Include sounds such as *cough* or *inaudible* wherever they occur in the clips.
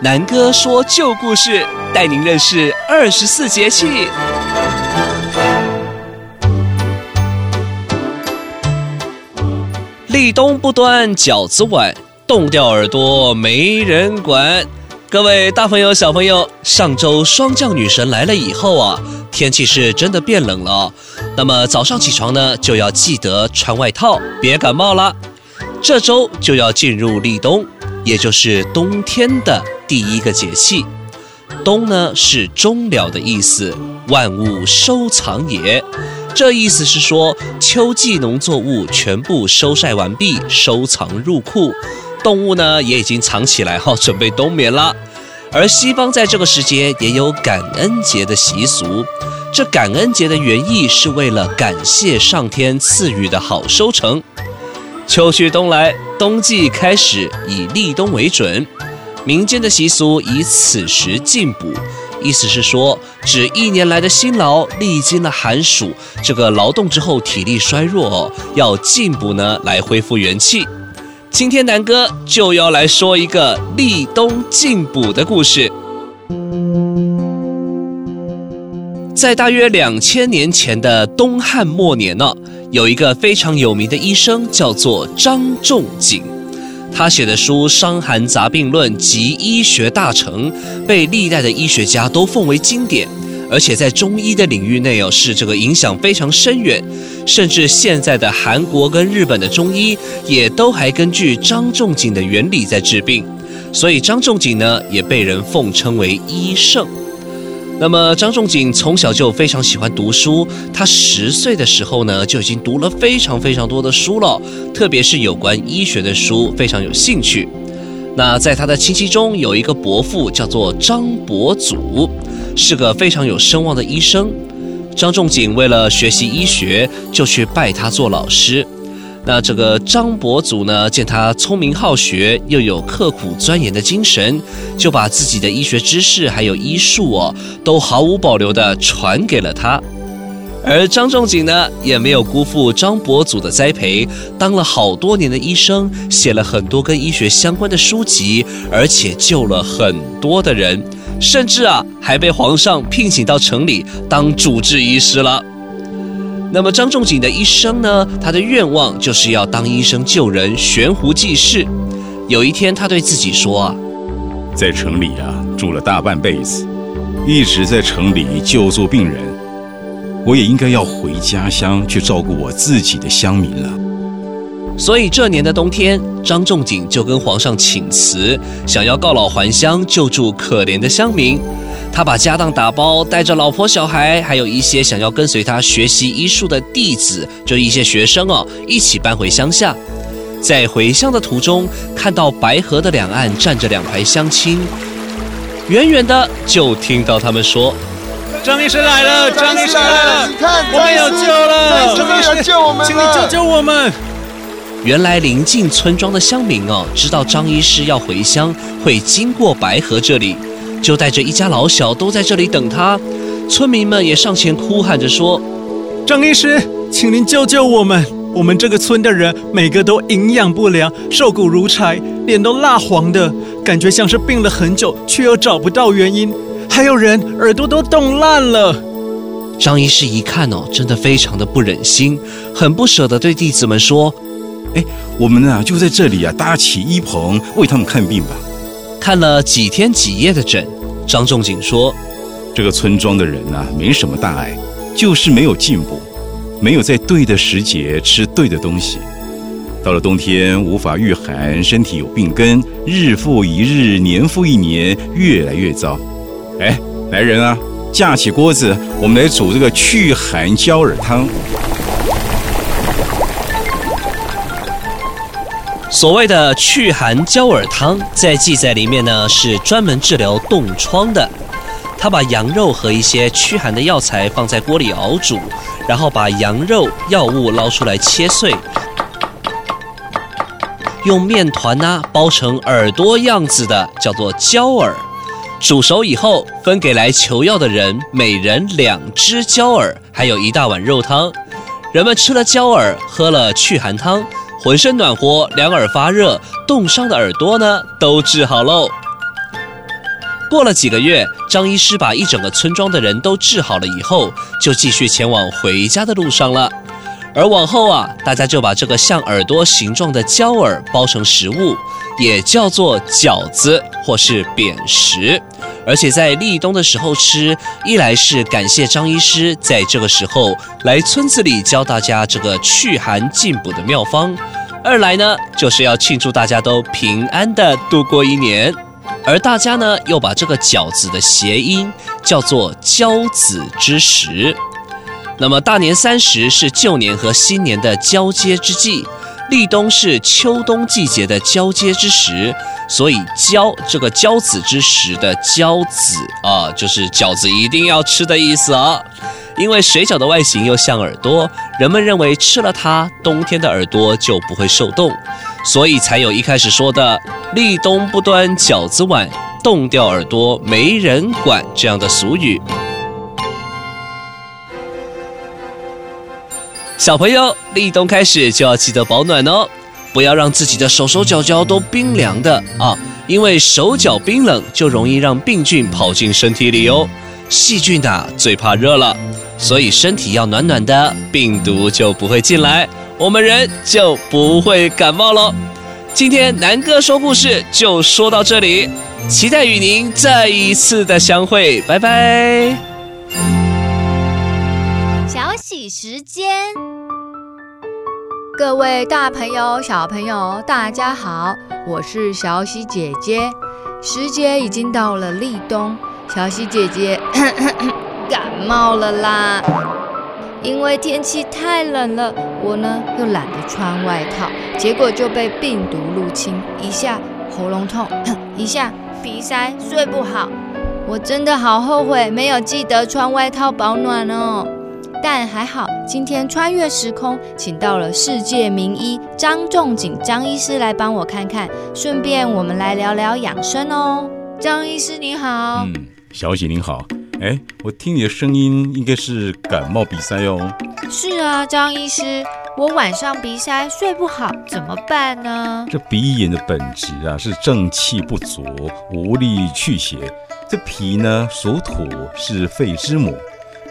南哥說舊故事，帶您認識二十四節氣。立冬不端餃子碗，凍掉耳朵沒人管。各位大朋友、小朋友，上週霜降女神來了以後啊，天氣是真的變冷了。那麼早上起床呢，就要記得穿外套，別感冒了。這週就要進入立冬，也就是冬天的第一個節氣。冬呢是終了的意思，萬物收藏也。這意思是說，秋季農作物全部收曬完畢，收藏入庫。動物呢也已經藏起來哈，準備冬眠了。而西方在這個時節也有感恩節的習俗。這感恩節的原意是為了感謝上天賜予的好收成。秋去冬來，冬季開始以立冬為準。民間的習俗以此時進補，意思是說，指一年來的辛勞，歷經了寒暑這個勞動之後，體力衰弱，要進補呢來恢復元氣。今天南哥就要來說一個立冬進補的故事。在大約兩千年前的東漢末年呢，有一個非常有名的醫生叫做張仲景，他寫的書《傷寒雜病論》及《醫學大成》，被歷代的醫學家都奉為經典。而且在中醫的領域內哦，是這個影響非常深遠，甚至現在的韓國跟日本的中醫也都還根據張仲景的原理在治病，所以張仲景呢也被人奉稱為醫聖。那麼張仲景從小就非常喜歡讀書，他十歲的時候呢就已經讀了非常非常多的書了，特別是有關醫學的書，非常有興趣。那在他的親戚中有一個伯父叫做張伯祖，是個非常有聲望的醫生。張仲景為了學習醫學，就去拜他做老師。那這個張伯祖呢，見他聰明好學，又有刻苦鑽研的精神，就把自己的醫學知識還有醫術哦，都毫無保留地傳給了他。而張仲景呢，也沒有辜負張伯祖的栽培，當了好多年的醫生，寫了很多跟醫學相關的書籍，而且救了很多的人，甚至啊，還被皇上聘請到城裡當主治醫師了。那麼張仲景的一生呢，他的願望就是要當醫生救人，懸壺濟世。有一天，他對自己說啊，在城裡啊住了大半輩子，一直在城裡救助病人。我也應該要回家鄉去照顧我自己的鄉民了。所以這年的冬天，張仲景就跟皇上請辭，想要告老還鄉，救助可憐的鄉民。他把家當打包，帶着老婆、小孩，還有一些想要跟隨他學習醫術的弟子，就一些學生哦，一起搬回鄉下。在回鄉的途中，看到白河的兩岸站着兩排鄉親，遠遠的就聽到他們說。張醫師來了！張醫師來了！我們有救了！張醫師要救，救，救我們，請你救救我們！原來臨近村莊的鄉民哦、啊，知道張醫師要回鄉，會經過白河這裡，就帶着一家老小都在這裡等他。村民們也上前哭喊着說：“張醫師，請您救救我們！我們這個村的人，每個都營養不良，瘦骨如柴，臉都蠟黃的，感覺像是病了很久，卻又找不到原因。”還有人耳朵都凍爛了。張醫師一看哦，真的非常的不忍心，很不捨得對弟子們說：“哎，我們呢、啊、就在這裡啊搭起醫棚，為他們看病吧。”看了幾天幾夜的診，張仲景說：“這個村莊的人呢、啊、沒什麼大礙，就是沒有進步，沒有在對的時節吃對的東西。到了冬天無法禦寒，身體有病根，日復一日，年復一年，越來越糟。”哎，來人啊！架起鍋子，我們來煮這個祛寒嬌耳湯。所謂的祛寒嬌耳湯，在記載裡面呢，是專門治療凍瘡的。他把羊肉和一些驅寒的藥材放在鍋裡熬煮，然後把羊肉、藥物撈出來切碎，用麵團呢包成耳朵樣子的，叫做嬌耳。煮熟以後，分給來求藥的人，每人兩隻嬌耳，還有一大碗肉湯。人們吃了嬌耳，喝了祛寒湯，渾身暖和，兩耳發熱，凍傷的耳朵呢都治好嘍。過了幾個月，張醫師把一整個村莊的人都治好了以後，就繼續前往回家的路上了。而往後啊，大家就把這個像耳朵形狀的嬌耳包成食物，也叫做餃子或是扁食。而且在立冬的時候吃，一來是感謝張醫師在這個時候來村子裡教大家這個祛寒進補的妙方，二來呢就是要慶祝大家都平安地度過一年。而大家呢又把這個餃子的諧音叫做“交子之時”。那麼大年三十是舊年和新年的交接之際，立冬是秋冬季節的交接之時，所以“交”這個“交子之時”的“交子”啊，就是餃子一定要吃的意思啊。因為水餃的外形又像耳朵，人們認為吃了它，冬天的耳朵就不會受凍，所以才有一開始說的“立冬不端餃子碗，凍掉耳朵沒人管”這樣的俗語。小朋友，立冬開始就要記得保暖哦，不要讓自己的手手腳腳都冰涼的啊，因為手腳冰冷就容易讓病菌跑進身體裡哦。細菌吶、啊、最怕熱了，所以身體要暖暖的，病毒就不會進來，我們人就不會感冒咯。今天南哥說故事就說到這裡，期待與您再一次的相會，拜拜。小喜時間。各位大朋友、小朋友，大家好，我是小喜姐姐。時節已經到了立冬，小喜姐姐咳咳感冒了啦。因為天氣太冷了，我呢又懶得穿外套，結果就被病毒入侵，一下喉嚨痛，一下鼻塞，睡不好。我真的好後悔，沒有記得穿外套保暖哦。但還好，今天穿越時空，請到了世界名醫張仲景張醫師來幫我看看，順便我們來聊聊養生哦。張醫師你好，嗯，小姐您好，哎，我聽你的聲音應該是感冒鼻塞喲。是啊，張醫師，我晚上鼻塞睡不好，怎麼辦呢？這鼻炎的本質啊，是正氣不足，無力去邪。這脾呢屬土，是肺之母。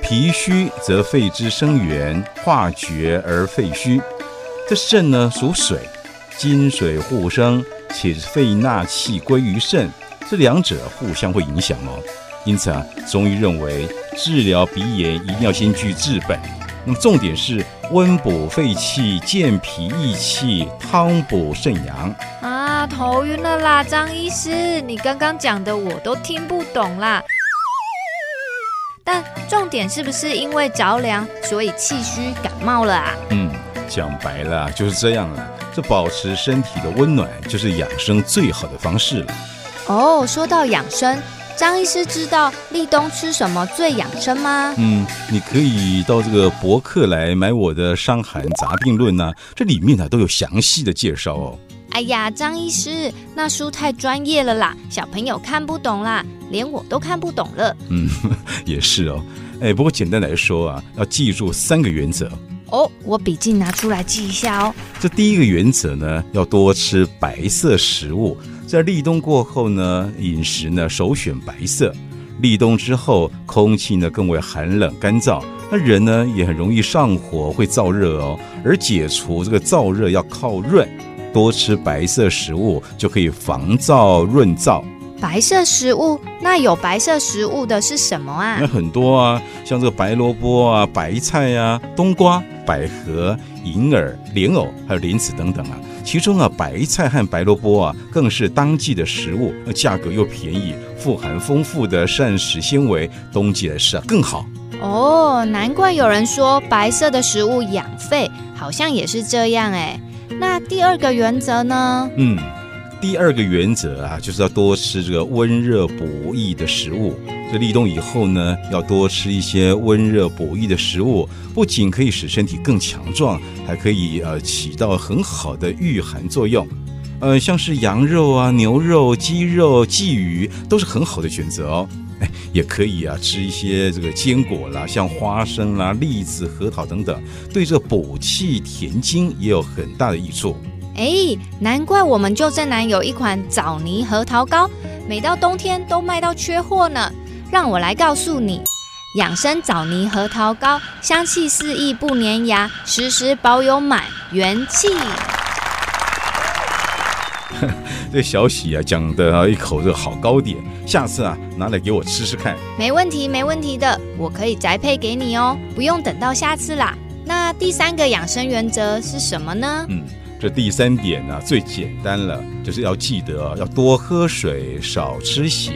脾虛則肺之生源化絕而肺虛，這腎呢屬水，金水互生，且是肺納氣歸於腎，這兩者互相會影響哦。因此啊，中醫認為治療鼻炎一定要先去治本。那、嗯、麼重點是溫補肺氣、健脾益氣、湯補腎陽啊。頭暈了啦，張醫師，你剛剛講的我都聽不懂啦。但重點是不是因為着涼，所以氣虛感冒了啊？嗯，講白了就是這樣了。這保持身體的溫暖，就是養生最好的方式了。哦，說到養生，張醫師知道立冬吃什麼最養生嗎？嗯，你可以到這個博客來買我的《傷寒雜病論》呢，這裡面呢都有詳細的介紹哦。哎呀，張醫師，那書太專業了啦，小朋友看不懂啦，連我都看不懂了。嗯，也是哦。哎，不過簡單來說啊，要記住三個原則。哦，我筆記拿出來記一下哦。這第一個原則呢，要多吃白色食物。在立冬過後呢，飲食呢首選白色。立冬之後，空氣呢更為寒冷乾燥，那人呢也很容易上火，會燥熱哦。而解除這個燥熱，要靠潤。多吃白色食物，就可以防燥潤燥。白色食物，那有白色食物的是什麼啊？那很多啊，像這個白蘿蔔啊、白菜啊、冬瓜、百合、銀耳、蓮藕，還有蓮子等等啊。其中啊，白菜和白蘿蔔啊，更是當季的食物，價格又便宜，富含豐富的膳食纖維，冬季來吃啊更好。哦，難怪有人說白色的食物養肺，好像也是這樣哎。那第二個原則呢？嗯，第二個原則啊，就是要多吃這個溫熱補益的食物。這立冬以後呢，要多吃一些溫熱補益的食物，不僅可以使身體更強壯，還可以呃起到很好的御寒作用。呃，像是羊肉啊、牛肉、雞肉、雞肉、鯽魚都是很好的選擇哦。也可以啊，吃一些這個堅果啦，像花生啦、栗子、核桃等等，對這補氣填精也有很大的益處。哎，難怪我們舊振南有一款棗泥核桃糕，每到冬天都賣到缺貨呢。讓我來告訴你，養生棗泥核桃糕香氣四溢，不粘牙，時時保有滿元氣。這小喜啊，講的一口就好糕點，下次啊拿來給我吃吃看。沒問題，沒問題的，我可以宅配給你哦，不用等到下次啦。那第三個養生原則是什麼呢？嗯，這第三點呢、啊、最簡單了，就是要記得、啊、要多喝水，少吃鹹。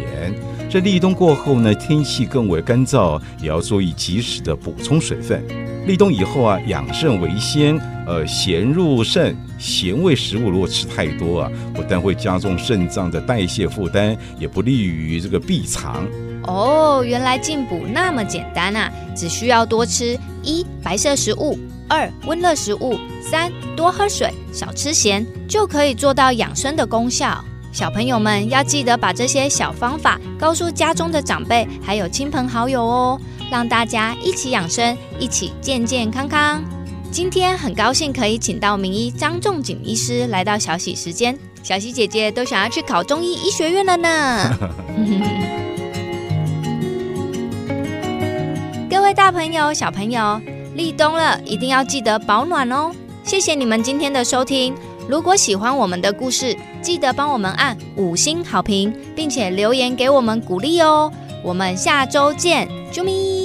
這立冬過後呢，天氣更為乾燥，也要注意及時的補充水分。立冬以後啊，養腎為先。呃，鹹入腎，鹹味食物如果吃太多啊，不但會加重腎臟的代謝負擔，也不利於這個閉藏哦。原來進補那麼簡單啊！只需要多吃一白色食物，二溫熱食物，三多喝水，少吃鹹，就可以做到養生的功效。小朋友們要記得把這些小方法告訴家中的長輩，還有親朋好友哦，讓大家一起養生，一起健健康康。今天很高興可以請到名醫張仲景醫師來到小喜時間，小喜姐姐都想要去考中醫醫學院了呢。 *laughs* *laughs* 各位大朋友、小朋友，立冬了，一定要記得保暖哦！謝謝你們今天的收聽，如果喜歡我們的故事，記得幫我們按五星好評，並且留言給我們鼓勵哦！我們下週見，啾咪！